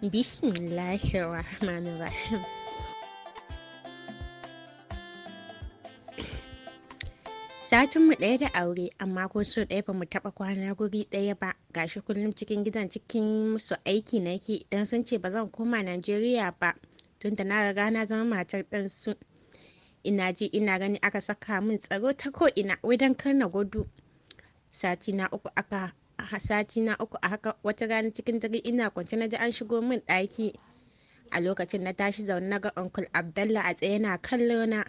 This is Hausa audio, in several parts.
Bismillahirrahmanirrahim. Satin mu ɗaya da aure amma ko so ɗaya ba mu taɓa kwana guri ɗaya ba gashi kullum cikin gidan cikin musu aiki na ke idan sun ce ba zan koma Najeriya ba tunda na riga na zama matar ɗansu. Ina ji ina gani aka saka min tsaro ta ko ina wai don kar na gudu. Sati na uku aka A sati na uku a haka wata rana cikin dare ina kwance na ji an shigo min ɗaki a lokacin na tashi zaune na ga uncle abdallah a tsaye na kallo na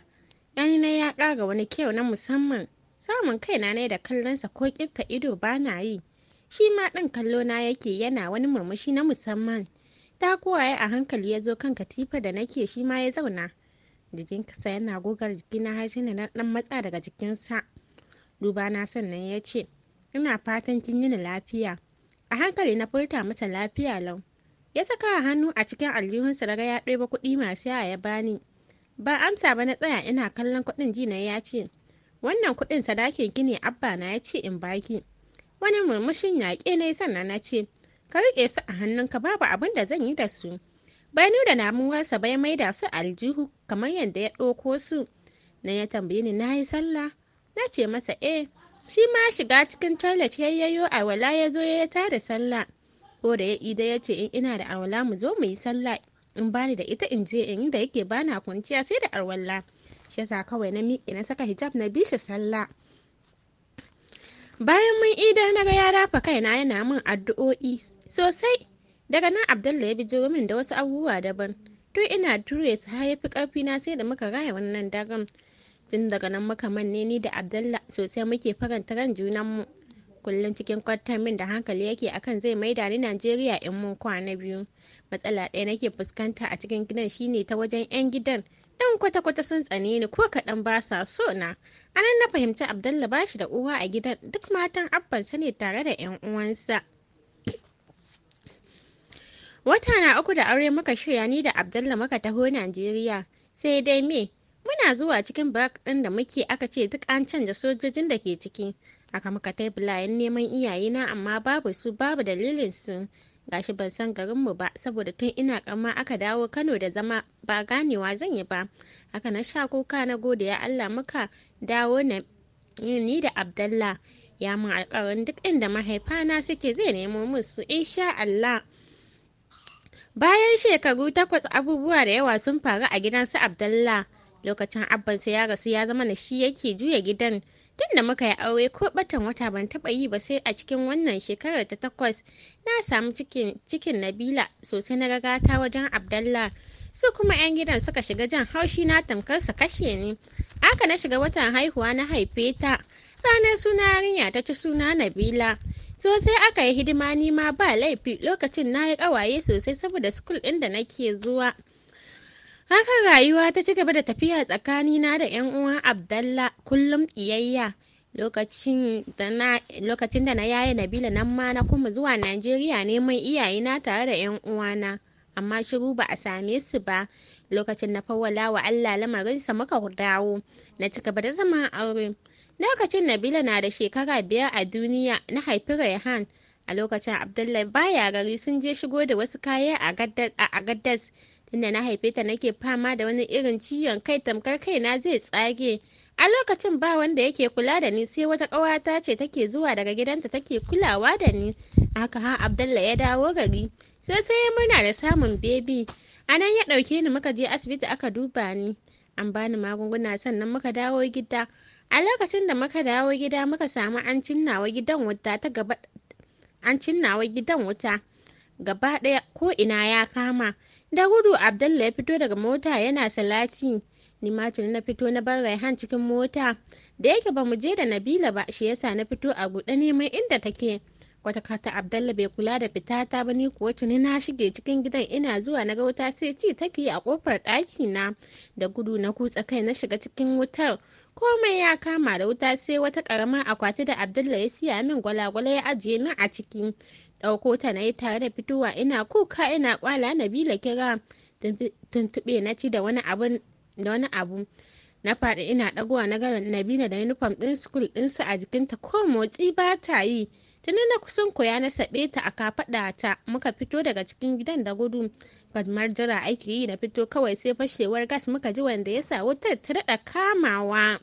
yani na ya ƙara wani kyau na musamman samun kaina ne da kallonsa ko kirka ido ba na yi shi ma ɗin kallo na yake yana wani murmushi na musamman Ta ya a hankali ya zo kan katifa da nake shi ma ya zauna jikin kasa yana gogar jikina har na ɗan matsa daga jikinsa duba na sannan ya ce ina fatan kin yini lafiya a hankali na furta mata lafiya lau ya saka hannu a cikin aljihunsa daga ya ɗebo kuɗi masu yawa ya bani ba amsa ba na tsaya ina kallon kuɗin ji na ya ce wannan kuɗin sadakin ki ne abba na ya ce in baki wani murmushin yaƙe ne sannan na ce ka riƙe su a hannunka babu abin da zan yi da su bainu da namuwarsa bai da su aljihu kamar yadda ya ɗauko su na ya tambaye ni na yi sallah na ce masa eh shi ma shiga cikin toilet ya yayo wala ya zo ya ta da sallah ko da ya ida ya ce in ina da awala mu zo mu yi sallah in bani da ita in je in da yake bana kwanciya sai da arwalla shi yasa kawai na miƙe na saka hijab na bi shi sallah bayan mun ida na ga ya rafa kaina yana min addu'o'i sosai daga nan Abdullahi ya bijo min da wasu abubuwa daban tun ina ture su ha yafi karfi na sai da muka raya wannan daren tun daga nan muka manne ni da abdalla sosai muke faranta ran junanmu kullum cikin kwantar min da hankali yake akan zai maida ni najeriya in mun kwana biyu matsala ɗaya nake fuskanta a cikin gidan shine ta wajen 'yan gidan dan kwata-kwata sun tsane ni ko kaɗan ba sa so na anan na fahimci abdalla ba shi da uwa a gidan duk matan abbansa ne tare da 'yan uwansa wata na uku da aure muka shirya ni da abdalla muka taho najeriya sai dai me Muna zuwa cikin barak ɗin da muke aka ce duk an canja sojojin da ke ciki. Aka muka tai bulayen neman iyayena amma babu su babu dalilin su. Gashi ban san garinmu ba saboda tun ina kama aka dawo Kano da zama ba ganewa zan yi ba. Haka na sha kuka na gode ya Allah muka dawo na ni da abdalla Ya mun alƙawarin duk inda mahaifana suke zai nemo musu insha Allah. Bayan shekaru takwas abubuwa da yawa sun faru a gidan su Abdallah. lokacin abban sai ya rasu ya zama na shi yake juya gidan tun da muka yi aure ko batan wata ban taba yi ba sai a cikin wannan shekarar ta takwas na samu cikin nabila sosai na ragata wajen abdallah su kuma 'yan gidan suka shiga jan haushi na tamkar su kashe ni aka na shiga watan haihuwa na haife ta ranar suna yarinya ta ci suna nabila sosai aka yi hidima nima ba laifi lokacin na yi kawaye sosai saboda skul ɗin da nake zuwa Haka rayuwa ta ci gaba da tafiya tsakanina da 'yan uwan Abdalla kullum iyayya. lokacin da na lokacin da yaye Nabila nan ma na kuma zuwa Najeriya neman iyayena tare da 'yan uwana amma shiru ba a same su ba lokacin na fawwala wa Allah lamarinsa muka dawo na ci gaba da zama aure lokacin Nabila na da shekara biyar a duniya na haifi Rehan a lokacin Abdullahi baya gari sun je shigo da wasu kaya a gaddas inda na haife ta nake fama da wani irin ciwon kai tamkar kaina zai tsage a lokacin ba wanda yake kula da ni sai wata ƙawata ce take zuwa daga gidanta take kulawa da ni haka ha abdallah ya dawo gari sai sai ya murna da samun bebi a nan ya ɗauke ni muka je asibiti aka duba ni an bani magunguna sannan muka dawo gida a lokacin da muka dawo gida muka samu an cinnawa gidan wuta ta gaba an cinnawa gidan wuta gaba ɗaya ko ina ya kama da gudu abdallah ya fito daga mota yana salati ni ma tuni na fito na bar raihan cikin mota da yake ba mu je da nabila ba shi yasa na fito a buɗe neman inda take wata kata abdallah bai kula da fita ta ba ni kuwa tuni na shige cikin gidan ina zuwa na ga wuta sai ci take a kofar ɗaki na da gudu na kutsa kai na shiga cikin wutar komai ya kama da wuta sai wata karamar akwati da abdallah ya siya min gwalagwala ya ajiye min a ciki ɗauko ta na yi tare da fitowa ina kuka ina kwala nabila kira tuntuɓe na ci da wani abu na faɗi ina ɗagowa na garin nabila da uniform ɗin school ɗinsu a jikinta ko motsi ba ta yi tuni na kusan koya na saɓe ta a kafaɗa ta muka fito daga cikin gidan da gudu gajmar jira ake yi na fito kawai sai fashewar gas muka ji wanda ya sa wutar ta daɗa kamawa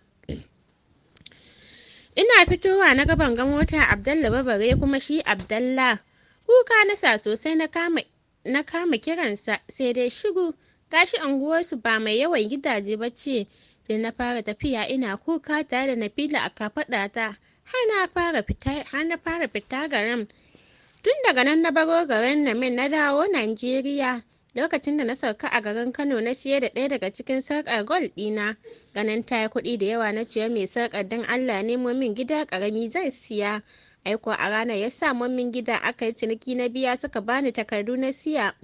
ina fitowa na gaban ga mota abdalla babare kuma shi abdalla kuka na sa sosai na kama kiransa sai dai shiru gashi unguwarsu ba mai yawan gidaje ba ce da na fara tafiya ina kuka tare da na fila a kafaɗata har na fara fita har garin tun daga nan na baro garin na min na dawo Najeriya lokacin da na sauka a garin Kano na siye da ɗaya daga cikin sarƙar gol ɗina ganin ta kuɗi da yawa na ciye mai sarƙar don Allah nemo min gida ƙarami zan siya aiko a ranar ya sa min gida aka yi ciniki na biya suka bani takardu na siya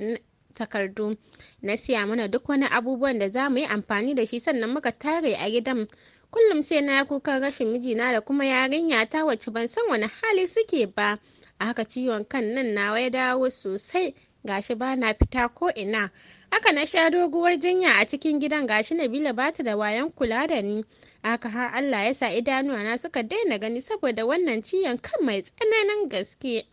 takardu na siya mana duk wani abubuwan da za mu yi amfani da shi sannan muka tare a gidan kullum sai na kukan rashin mijina da kuma yarinya ta wacce ban san wani hali suke ba a haka ciwon kan nan nawa ya dawo sosai gashi ba na fita ko ina haka na sha doguwar jinya a cikin gidan gashi nabila bata da wayan kula da ni haka har allah ya sa idanuwa na suka daina gani saboda wannan ciyan kan mai tsananin gaske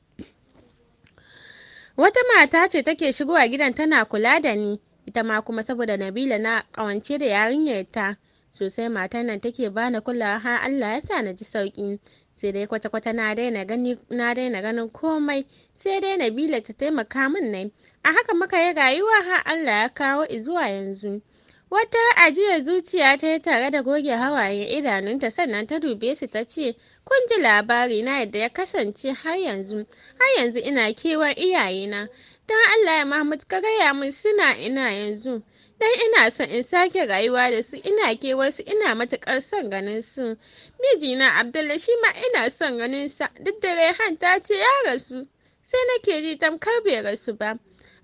wata mata ce take shigowa gidan tana kula da ni ita ma kuma saboda nabila na kawance da yarinyar ta sosai matan nan take bani kulawa har allah ya sa na ji sauki sai dai kwata-kwata na daina ganin komai sai dai nabila ta taimaka min ne a haka muka yi rayuwa har Allah ya kawo zuwa yanzu wata ajiyar zuciya ta yi tare da goge hawayen idanunta sannan ta dube su ta ce kun ji labari na yadda ya kasance har yanzu har yanzu ina kewar iyayena don Allah ya Mahmud ka gaya min suna ina yanzu dan ina son in sake rayuwa da su ina kewar su ina matukar son ganin su mijina Abdullahi shi ma ina son ganin sa duk da Rehan ta ce ya rasu sai nake ji tamkar bai rasu ba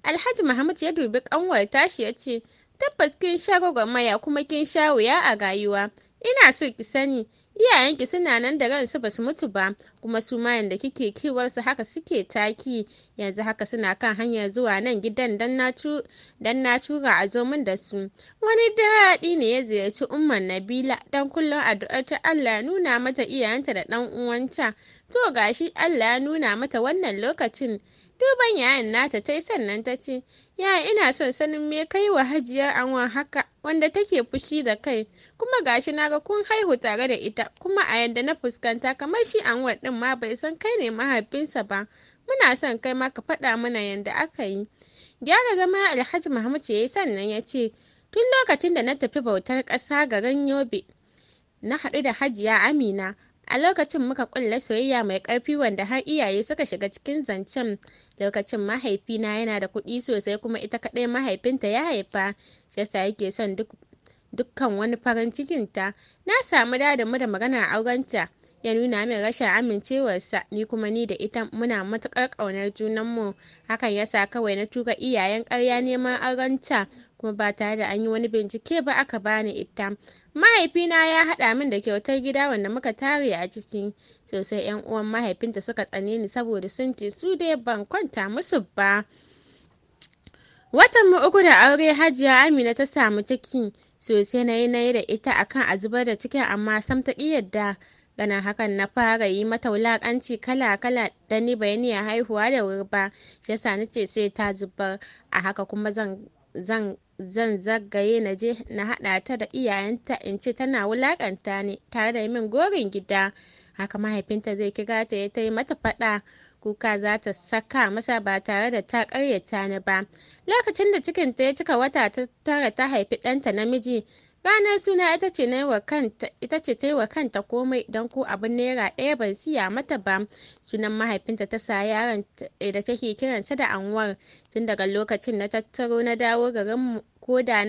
Alhaji Muhammad ya dubi kanwar tashi ya ce, Tabbas kin sha gwagwarmaya kuma kin sha wuya a rayuwa. Ina so ki sani, iyayenki suna nan da ransu basu mutu ba, kuma su ma yanda kike kiwarsu haka suke taki. Yanzu haka suna kan hanyar zuwa nan gidan dan na tura a zo min da su. Wani daɗi ne ya ziyarci Umar Nabila dan kullum addu'ar ta Allah ya nuna mata iyayenta da ɗan uwanta. To gashi Allah ya nuna mata wannan lokacin. Duban yayan nata ta yi sannan ta ce, Yaya ina son sanin me kai wa hajiyar Anwar haka wanda take fushi da kai, kuma gashi na ga kun haihu tare da ita, kuma a yadda na fuskanta kamar shi Anwar ɗin ma bai san kai ne mahaifinsa ba. Muna son kai ma ka faɗa mana yadda aka yi. Gyara zama Alhaji Mahmud ya yi sannan ya ce, Tun lokacin da na tafi bautar ƙasa garin Yobe, na haɗu da Hajiya Amina. A lokacin muka ƙulla soyayya mai ƙarfi wanda har iyaye suka shiga cikin zancen lokacin mahaifina yana da kuɗi sosai kuma ita kaɗai mahaifinta ya haifa shi yasa yake son duk dukkan wani farin cikinta na samu dadinmu da maganar aurenta ya nuna min rashin amincewarsa ni kuma ni da ita muna matuƙar ƙaunar junanmu hakan yasa kawai na tura iyayen ƙarya neman aronta kuma ba tare da an yi wani bincike ba aka bani ita mahaifina ya haɗa min da kyautar gida wanda muka tare a ciki sosai yan uwan mahaifinta suka tsane ni saboda sun ce su dai ban kwanta musu ba watan mu uku da aure hajiya amina ta samu ciki sosai na yi na yi da ita akan a zubar da cikin amma sam ta ƙi yadda ganin hakan na fara yi mata wulakanci kala-kala da ni bayani a haihuwa da wuri ba shi yasa nace sai ta zubar a haka kuma zan zan zan zagaye na je na haɗa ta da iyayenta in ce tana wulakanta ne tare da min gorin gida haka mahaifinta zai kira ta ya yi mata faɗa kuka za ta saka masa ba tare da ta karyata ni ba lokacin da cikin ta ya cika wata ta tara ta haifi ɗanta namiji Ranar suna ita ce ta yi wa kanta komai don ko abin naira ɗaya ban siya mata ba. Sunan mahaifinta ta sa yaron eh, da take kiransa da Anwar. Tun daga lokacin na tattaro na dawo garinmu ko da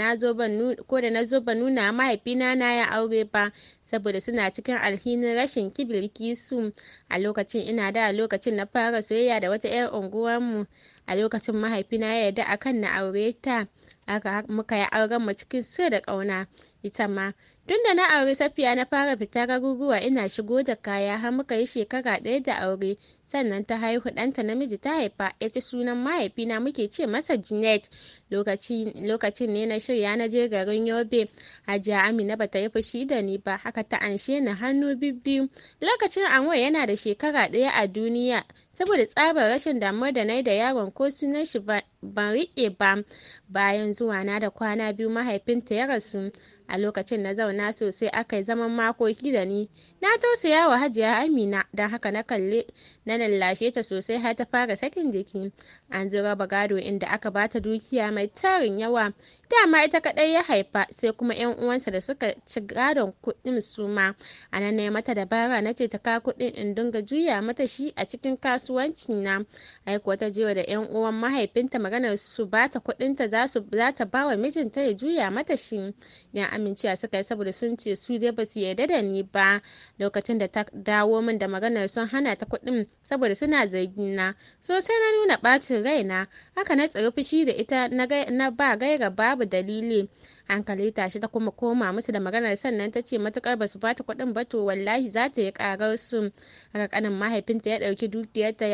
na zo ban nuna mahaifina na ya aure ba saboda suna cikin alhinin rashin kibirki su a lokacin ina da lokacin na fara soyayya da wata 'yar unguwarmu a lokacin mahaifina ya yarda akan na aure ta haka muka yi auren mu cikin so da ƙauna ita ma tun da na auri safiya na fara fita garuruwa ina shigo da kaya har muka yi shekara ɗaya da aure sannan ta haihu ɗanta namiji ta haifa ya ci sunan mahaifina muke ce masa junet lokacin ne na shirya na je garin yobe hajiya amina ba ta yi fushi da ni ba haka ta anshe ni hannu bibbiyu lokacin anwa yana da shekara ɗaya a duniya saboda tsabar rashin damuwar da na yi da yaron ko sunan shi ba ban riƙe ba bayan zuwa na da kwana biyu mahaifinta ya rasu a lokacin na zauna sosai aka yi zaman makoki da ni na tausaya wa hajiya amina don haka na kalle na lallashe ta sosai har ta fara sakin jiki an zo raba gado inda aka bata dukiya mai tarin yawa dama ita kadai ya haifa sai kuma yan uwansa da suka ci gadon kuɗin suma. ma a nan ne mata dabara na ce ta ka kuɗin in dinga juya mata shi a cikin kasuwanci na aiko ta jewa da yan uwan mahaifinta maganar su ba ta kuɗinta za ta ba wa mijinta ya juya mata shi ya amincewa suka yi saboda sun ce su dai ba su yarda da ni ba lokacin da ta dawo min da maganar sun hana ta kudin saboda suna zargi so sosai na nuna rai raina haka na tsiri fushi da ita na ba gaira babu dalili hankali tashi ta kuma koma musu da maganar sannan ta ce matukar ba su bata kuɗin ba to wallahi za ta yi karar su haka kanin mahaifinta ya ɗauki dukiyarta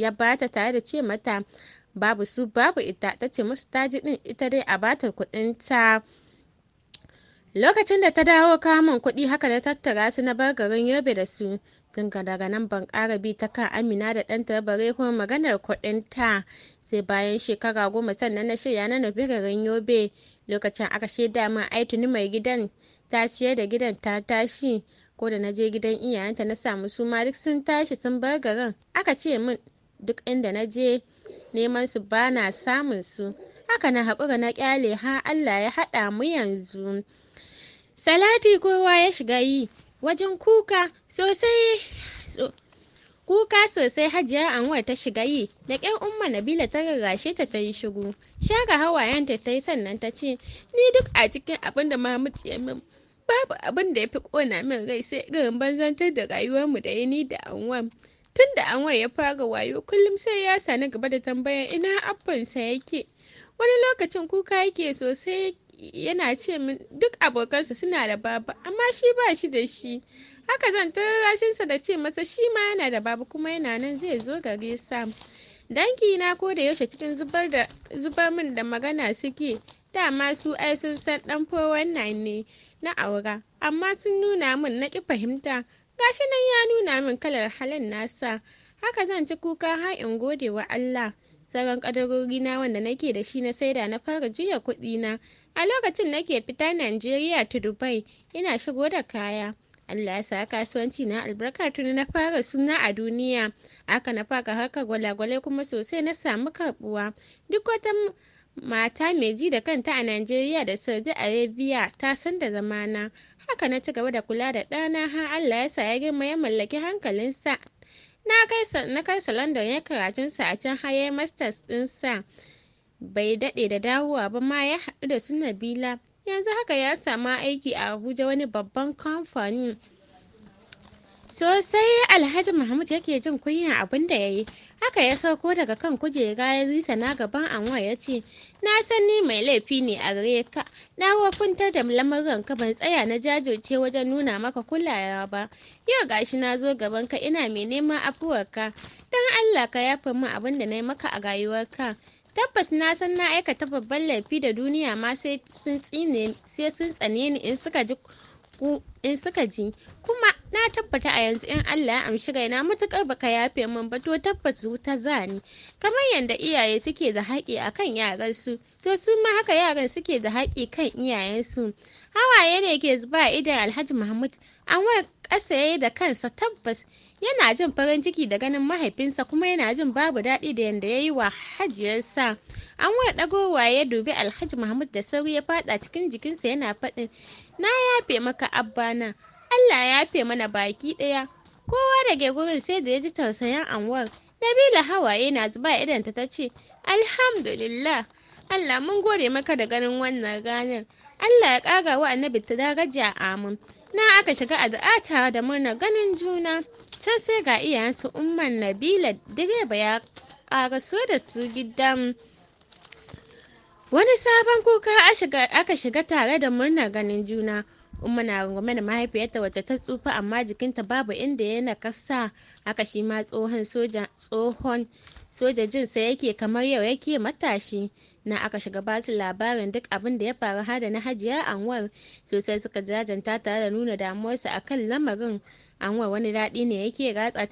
ya bata tare da ce mata babu su babu ita ta ce musu ta ji din ita dai a bata kuɗinta. lokacin da ta dawo kamun kuɗi haka na tattara su na bar garin yobe da su dinga daga nan ban ƙara bi ta kan amina da Ɗan bare kuma maganar kuɗin ta sai bayan shekara goma sannan na shirya na nufi garin yobe lokacin aka shaida min ai tuni mai gidan ta siyar da gidan ta tashi ko da na je gidan iyayenta na samu su ma duk sun tashi sun bar garin aka ce min duk inda na je neman su na samun su haka na haƙura na ƙyale har Allah ya haɗa mu yanzu salati kowa ya shiga yi wajen kuka sosai kuka sosai hajiya anwar ta shiga yi da ƙyar umma nabila ta rarrashe ta ta yi shiru share hawayenta ta yi sannan ta ce ni duk a cikin abinda da mahmud ya min babu abin da ya fi ƙona min rai sai irin banzantar da rayuwarmu da ya ni da anwar Tun da Anwar ya fara wayo kullum sai ya sani gaba da tambayar ina abbansa yake. Wani lokacin kuka yake sosai yana ce min duk abokansa suna da baba amma shi ba shi da shi. Haka zan tarashinsa da ce masa shi ma yana da baba kuma yana nan zai zo gare sa. Dangi na ko da yaushe cikin zubar da zubar min da magana suke dama su ai sun san dan wannan ne na aura amma sun nuna min na ki fahimta gashi nan ya nuna min kalar halin nasa haka zan ci kuka har in gode wa Allah sauran kadarori na wanda nake da shi na saida na fara juya kuɗi na a lokacin nake fita Najeriya to Dubai ina shigo da kaya Allah ya sa kasuwanci na albarka tuni na fara suna a duniya Aka na faka harkar gwalagwalai kuma sosai na samu karbuwa duk wata mata mai ji da kanta a Najeriya da Saudi Arabia ta san da zamana. Haka na ci gaba da kula da ɗana har Allah ya sa ya girma ya mallaki hankalinsa. Na kai sa London ya karatun sa a can har ya masters sa. Bai daɗe da dawowa ba ma ya haɗu da su Nabila. Yanzu haka ya samu aiki a Abuja wani babban kamfani. Sosai Alhaji Muhammad yake jin kunya abin da ya yi. haka ya sauko daga kan kujera ya bisa na gaban anwar ya ce na san ni mai laifi ne a gare ka na wofintar da lamarin ka ban tsaya na jajirce wajen nuna maka kulawa ba yau gashi na zo gaban ka ina mai neman afuwar ka dan allah ka yafa min abin da na yi maka a rayuwar ka tabbas na san na aikata babban laifi da duniya ma sai sun tsane ni in suka ji ku in suka ji kuma na tabbata a yanzu in Allah ya amshi raina matukar baka yafe min ba to tabbas wuta zani kamar yadda iyaye suke da haƙi akan yaran su to su ma haka yaran suke da haƙi kan iyayen su hawaye ne ke zuba idon Alhaji Muhammad an wani ƙasa da kansa tabbas yana jin farin ciki da ganin mahaifinsa kuma yana jin babu daɗi da yadda ya yi wa hajiyarsa an wa ɗagowa ya dubi alhaji mahmud da sauri ya faɗa cikin jikinsa yana faɗin na yafe maka abbana allah ya yafe mana baki ɗaya kowa da ke gurin sai da ya ji tausayin anwar nabila hawaye na zuba idanta ta ce alhamdulillah allah mun gode maka da ganin wannan ranar allah ya ƙara wa annabi ta daraja amin na aka shiga addu'a tare da murnar ganin juna can sai ga iyayensu umman nabila direba ya karaso da su gidan wani sabon kuka aka shiga tare da murnar ganin juna umma na rungume da mahaifiyarta wacce ta tsufa amma jikinta babu inda ya kasa aka shi ma tsohon soja tsohon soja jin sa yake kamar yau yake matashi na aka shiga basu labarin duk abin da ya faru har da na hajiya anwar sosai suka jajanta tare da nuna damuwarsa akan lamarin anwar wani daɗi ne yake ratsa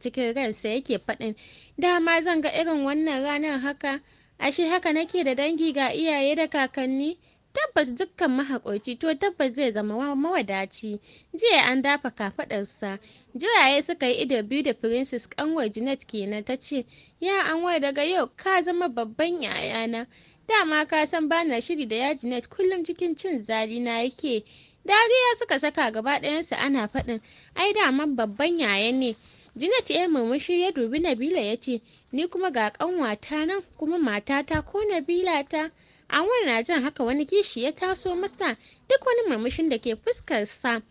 cikin ransa yake faɗin dama zan ga irin wannan ranar haka ashe haka nake da dangi ga iyaye da kakanni tabbas dukkan mahaƙoci to tabbas zai zama mawadaci jiya an dafa kafaɗarsa jiraye suka yi ido biyu da princess kanwar janet kenan ta ce ya anwar daga yau ka zama babban yayana dama ka san bana shiri da ya janet kullum cikin cin zali na yake dariya suka saka gaba ɗayansu ana faɗin ai daman babban yaya ne Jinat ya murmushi ya dubi Nabila ya ce, Ni kuma ga ƙanwata nan kuma matata ko Nabila ta. an na jan haka wani kishi ya taso masa duk wani murmushin da ke fuskarsa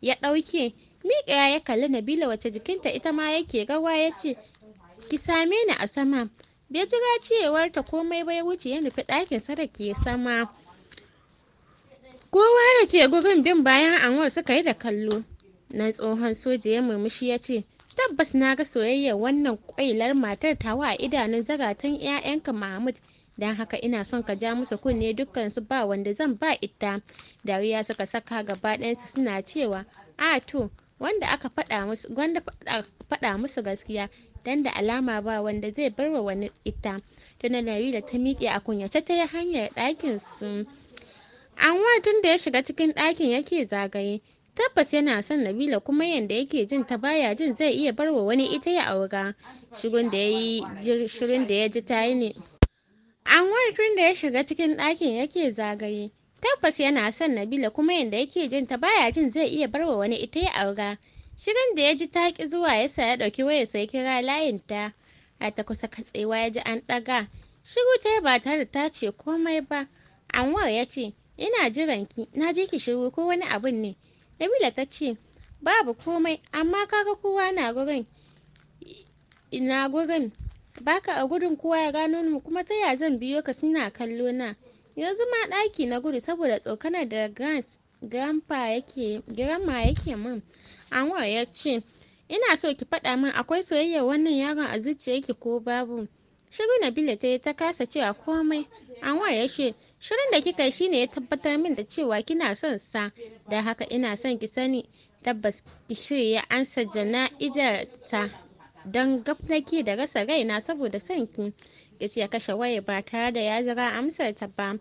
ya ɗauke. Miƙa ya kalli Nabila wace jikinta ita ma yake gawa ya ce, Ki same ni a sama. Bai jira cewarta komai ba ya wuce ya nufi ɗakin da ke sama. ke gurin bin bayan anwar suka yi da kallo na tsohon soja ya murmushi ya ce tabbas na ga soyayyar wannan kwailar matar tawa a idanun zaratan 'ya'yanka mahmud don haka ina son ka ja musu kunne dukkansu ba wanda zan ba ita dariya suka saka gaba ɗayansu suna cewa a to wanda aka faɗa musu gaskiya dan da alama ba wanda zai barwa wani ita tunanari da ta miƙe a kunyace ta hanyar ɗakin su Anwar tun da ya shiga cikin ɗakin yake zagaye. Tabbas yana son Nabila kuma yadda yake jin ta baya jin zai iya bar wa wani ita ya aura. Shirin da yi shirin da ya ji ta yi ne. Anwar tun da ya shiga cikin ɗakin yake zagaye. Tabbas yana son Nabila kuma yadda yake jin ta baya jin zai iya bar wa wani ita ya aura. Shirin da ya ji ta ki zuwa ya sa ya ɗauki waya sai kira layinta. A ta kusa katsewa ya ji an ɗaga. Shiru ta ba tare da ta ce komai ba. Anwar ya ce, ina jiran ki na ji ki shiru ko wani abun ne nabila ta ce babu komai amma kaga kowa na gurin ina gurin baka a gudun kowa ya gano mu kuma ta ya zan biyo ka suna kallo na yanzu ma ɗaki na gudu saboda tsokanar da grant grandpa yake grandma yake min anwar ya ce ina so ki faɗa min akwai soyayyar wannan yaron a zuciyarki ko babu shiru nabila ta yi ta kasa cewa komai an waye shi shirin da kika ne ya tabbatar min da cewa kina son sa da haka ina son ki sani tabbas ki shirya ansa jana'idar ta don gab da rasa raina saboda son ki ya ce kashe waye ba tare da ya jira amsar ta ba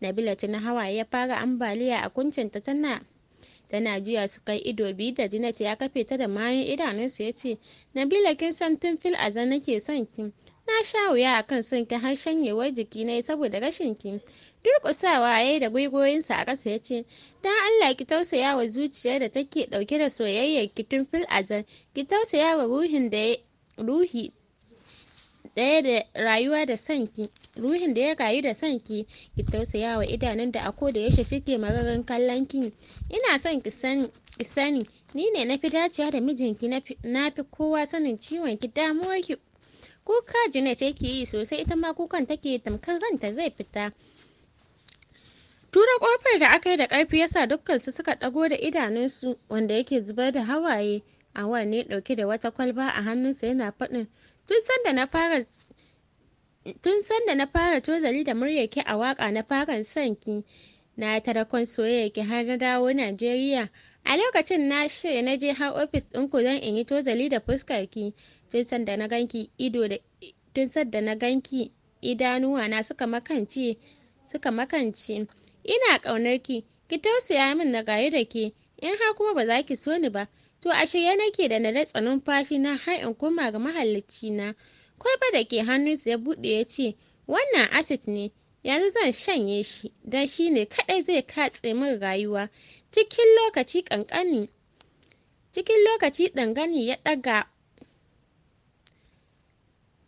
nabila na hawaye ya fara ambaliya a ta tana tana jiya su kai ido biyu da Janet ya kafe ta da mayan idanunsa ya ce Nabila kin san tun fil aza nake son ki na sha wuya akan son ki har shanyewar jiki na saboda rashin ki durƙusawa ya yi da gwiwoyinsa a ƙasa ya ce don allah ki tausaya wa zuciyar da take ɗauke da soyayyar ki tun fil aza ki tausaya wa ruhin da ruhi ɗaya da rayuwa da ruhin da ya rayu da sanki ki tausaya wa idanun da a koda yaushe suke mararin kallon ki ina son ki sani ki sani ni ne na fi dacewa da mijinki na fi kowa sanin ciwon ki damuwar ki kuka jina ce ki yi sosai ita ma kukan take tamkar ranta zai fita tura kofar da aka yi da karfi yasa dukkan su suka ɗago da idanunsu wanda yake zubar da hawaye a ne ɗauke da wata kwalba a hannunsa yana faɗin Tun sanda na fara tun sanda na fara tozali da muryarki a waka na fara son ki na tarakon soyayyarki har na dawo Najeriya a lokacin na shirya na je har ofis ɗinku don in yi tozali da fuskarki tun sanda na ganki ido da tun sanda na ganki idanuwa na suka makance suka makance ina ƙaunarki ki tausaya min na gayu da ke in har kuma ba za ki so ni ba to a shirye nake da na datsa numfashi na har in koma ga mahallaci na kwalba da ke hannunsa ya buɗe ya ce wannan asit ne yanzu zan shanye shi don shi ne kaɗai zai katse min rayuwa cikin lokaci ƙanƙani cikin lokaci ɗangani ya ɗaga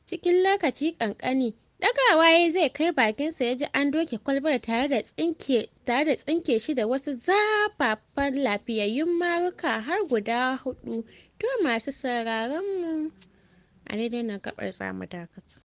cikin lokaci ƙanƙani Ɗagawa waye zai kai bakinsa ya ji an doke kwalbar tare da tsinke tare da tsinke shi da wasu zafafan lafiyayyun maruka har guda hudu. To masu sauraron mu a daidai na gabar zamu dakata.